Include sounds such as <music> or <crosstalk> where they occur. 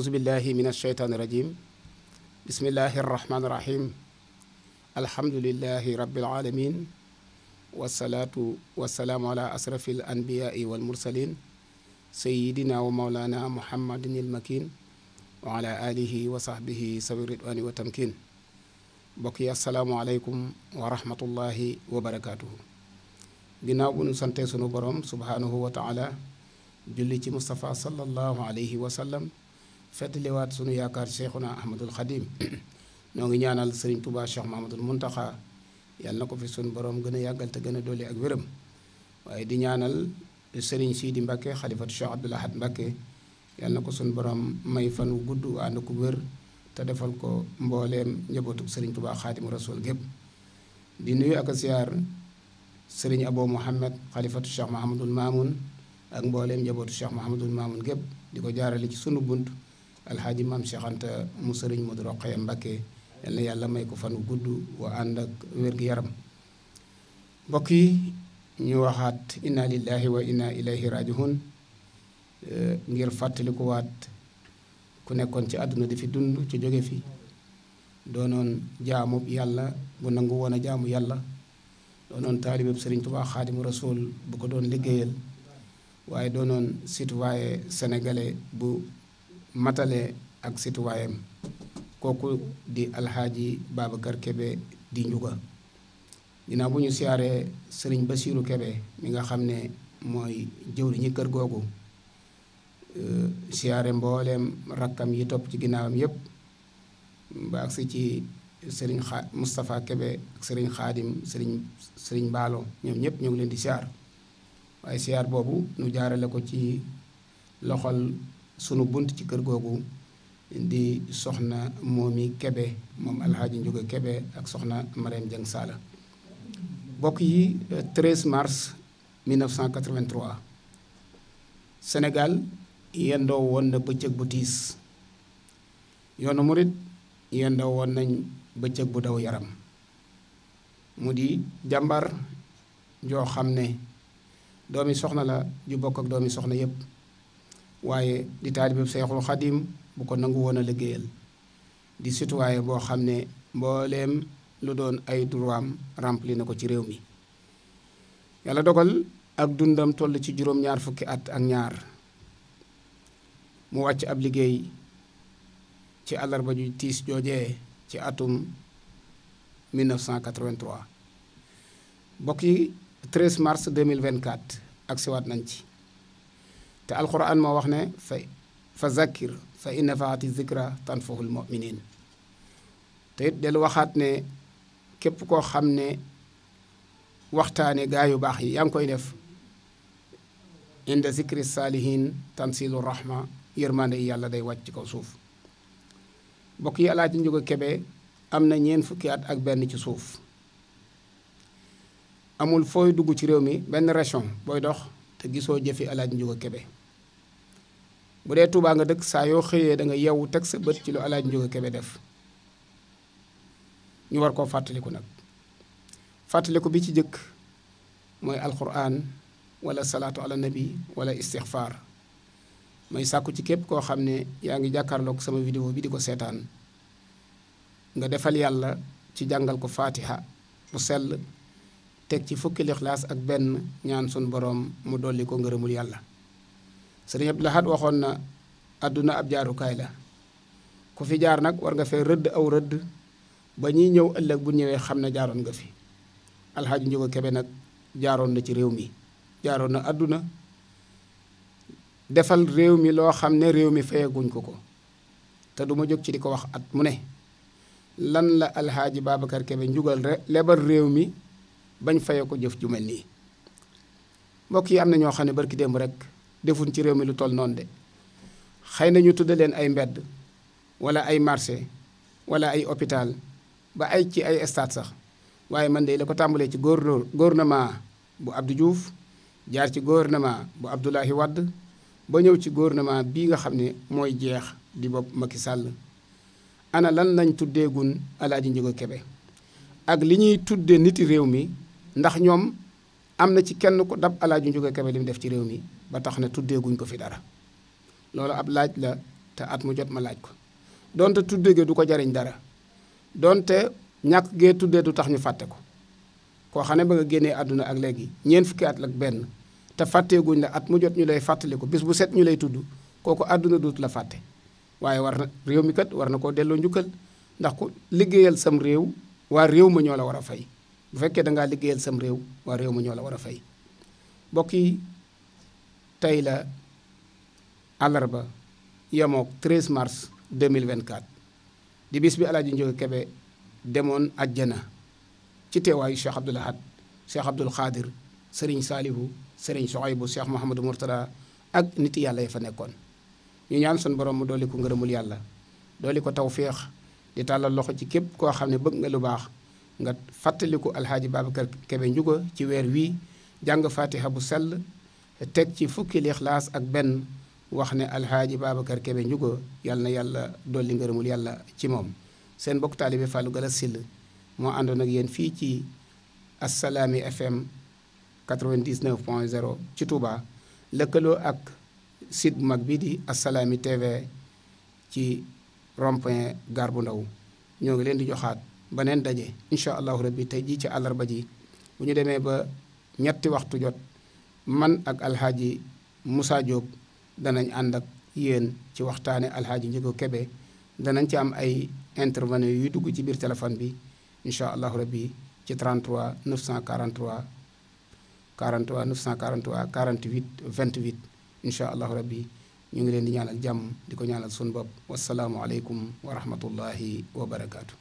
أعوذ بالله من الشيطان الرجيم بسم الله الرحمن الرحيم الحمد لله رب العالمين والصلاة والسلام على أشرف الأنبياء والمرسلين سيدنا ومولانا محمد المكين وعلى آله وصحبه سوي الرضوان والتمكين بقي السلام عليكم ورحمة الله وبركاته ginnaaw bu ñu sante sunu borom subhanahu wa taala julli ci Moustapha sallallahu alayhi wa sallam fettaliwaat sunu yaakaar naa Ahmadul Xadim ñoo <clears throat> ngi ñaanal sëriñ Touba Cheikh Mahamadul Muntaxa yàlla na ko fi sunu borom gën a yàggal te gën a dolli ak wéram waaye di ñaanal sëriñ Sidi Mbacke xalifatu Cheikh Abdoul Ahad Mbacke na ko sunu borom may fan wu gudd ànd ko wér te defal ko mbooleem njabootu sëriñ Touba Xaadimu Rasul gépp di nuyu ak a siyaar sëriñ Abo Mohamed xalifatu Cheikh Mahamadul Mamoun ak mbooleem njabootu Cheikh Mahamadul Mamoun gépp di ko jaarale ci sunu bunt. alxaaji maam Cheikh mu sëriñ Modou Rokhaya Mbacké yal na yàlla may ko fan gudd wa ànd ak wér yaram mbokk yi ñu waxaat inna lillahi wa inna ilayhi raji'un eh, ngir fàttalikuwaat ku nekkoon ci àdduna di fi dund ci jóge fi doonoon jaamu yàlla bu nangu woon a jaamu yàlla doonoon taalibeeb sëriñ Tuubaa xaadimu rasul bu ko doon liggéeyal waaye doonoon citoyen sénégalais bu matale ak situwaayam kooku di alxaaji Babacar Kebe di njuga ginnaaw bu ñu siyaaree sëriñ Basiiru Kebe mi nga xam ne mooy jëw ñu kër googu euh, siyaare mbooleem rakkam yi topp ci ginnaawam yépp ba agsi ci sëriñ xa mustafa Kebe sëriñ Xaadim sëriñ sëriñ Mbaalo ñoom ñëpp ñu ngi leen di siyaar waaye siyaar boobu ñu jaarale ko ci loxol sunu bunt ci kër googu di soxna moomi Kebe moom alxaaji Njuga Kebe ak soxna Mariam jëng Saala bokk yi 13 euh, mars 1983 Sénégal yendoo woon na bëccëg bu tiis yoonu murit yendoo woon nañ bëccëg bu daw yaram mu di jàmbar joo xam ne doomi soxna la ju bokk ak doomi soxna yépp waaye di taalibab seexul xadim bu ko nangu woon a liggéeyal di citoyen boo xam ne mbooleem lu doon ay droitam rempli na ko ci réew mi yàlla dogal ak dundam toll ci juróom-ñaar fukki at ak ñaar mu wàcc ab liggéey ci àllarba ju tiis joojee ci atum 1983 bokki 13 mars 2024 ak siwaat nañ ci te alquran moo wax ne fa fa zakkir fa in nafaati zikra tanfahul muminin te it waxaat ne képp koo xam ne waxtaane gaa yu baax yi yaa ngi koy def inda zikri saalihin tansilu rahma yërmande yi yàlla day wàcc ci suuf mbokk yi alaaji njuga kebe am na ñeent fukki at ak benn ci suuf amul fooy dugg ci réew mi benn région booy dox te gisoo jëfi alaaji njuga kebe bu dee Touba nga dëkk saa yoo xëyee da nga yeewu teg sa bët ci lu alaaj Njóoga Kebe def ñu war koo fàttaliku nag fàttaliku bi ci jëkk mooy alquran wala salaatu ala nabi wala istixfaar may sàkku ci képp koo xam ne yaa ngi jàkkaarlook sama vidéo bi di ko seetaan nga defal yàlla ci jàngal ko faatiha bu sell teg ci fukki lixlaas ak benn ñaan sun boroom mu dolli ko ngërëmul yàlla sëriñ Abdul Ahad waxoon na àdduna ab jaarukaay la ku fi jaar nag war nga fee rëdd aw rëdd ba ñuy ñëw ëllëg bu ñëwee xam ne jaaroon nga fi alxaaji Njóoga Kebe nag jaaroon na ci réew mi jaaroon na àdduna defal réew mi loo xam ne réew mi fayeguñ ko ko te duma jóg ci di ko wax at mu ne lan la alxaaji Babacar Kebe njugal rek lebal réew mi bañ faye ko jëf ju mel nii mbokk yi am na ñoo xam ne ki démb rek defuñ ci réew mi lu toll noonu de xëy nañu ñu leen ay mbedd wala ay marché wala ay hôpital ba ay ci ay stade sax waaye man de la ko tàmbalee ci góor gouvernement bu Abdou juuf jaar ci gouvernement bu Abdoulaye Wade ba ñëw ci gouvernement bii nga xam ne mooy jeex di bopp Macky Sall ana lan lañ tuddee gun Alaaji Ndiouga Kébé ak li ñuy tuddee niti réew mi ndax ñoom am na ci kenn ko dab Alaaji Ndiouga Kébé li mu def ci réew mi ba tax na tuddeeguñ ko fi dara loolu ab laaj la te at mu jot ma laaj ko donte tuddee gi du ko jariñ dara donte ñàkk gee tuddee du tax ñu fàtte ko koo xam ne ba nga génnee àdduna ak léegi ñeent fukki at ak benn te fàtteeguñ la at mu jot ñu lay fàttali ko bis bu set ñu lay tudd kooku àdduna duut la fàtte waaye war na réew mi kat war na koo delloo njukkal ndax ku liggéeyal sam réew waa réew ma ñoo la war a fay bu fekkee da ngaa liggéeyal sam réew waa réew ma ñoo la war a fay tey la àllarba yemook 13 mars 2024 di bis bi Alaaji Njóoga Kebe demoon ajjana ci teewaayu Cheikh Abdoul Ahad Cheikh Abdoul Khadir Serigne Salihu Serigne Soxaybu Cheikh Mouhamadou Mourtada ak nit yàlla ya fa nekkoon ñu ñaan sun borom mu dooli ko ngërëmul yàlla dooli ko tawféex di tàllal loxo ci képp koo xam ne bëgg nga lu baax nga fàttaliku alxaaji Babacar Kebe Njuga ci weer wii jàng fatiha bu sell teg ci fukki li lixlaas ak benn wax ne alxaaji Babacar Kebe Njugo yàlla na yàlla dolli ngërëmul yàlla ci moom seen mbokk taalibe Fallou Galass Syll moo àndoon nag yéen fii ci Assalaamy FM 99 point ci Touba lëkkaloo ak site bu mag bi di Assalaamy TV ci rond gaar bu ndaw ñoo ngi leen di joxaat beneen daje incha allahu rabbi tey jii ci àllarba ji bu ñu demee ba ñetti waxtu jot man ak alxaaji Moussa Diop danañ ànd ak yéen ci waxtaane alxaaji Ndiago kebe danañ ci am ay intervenants yuy dugg ci biir téléphone bi incha allahu rabbi ci 33 943 43 943 48 28 incha allahu rabbi ñu ngi leen di ñaanal jàmm di ko ñaanal sun bopp wasalaamualeykum wa rahmatullahi wa barakaatu.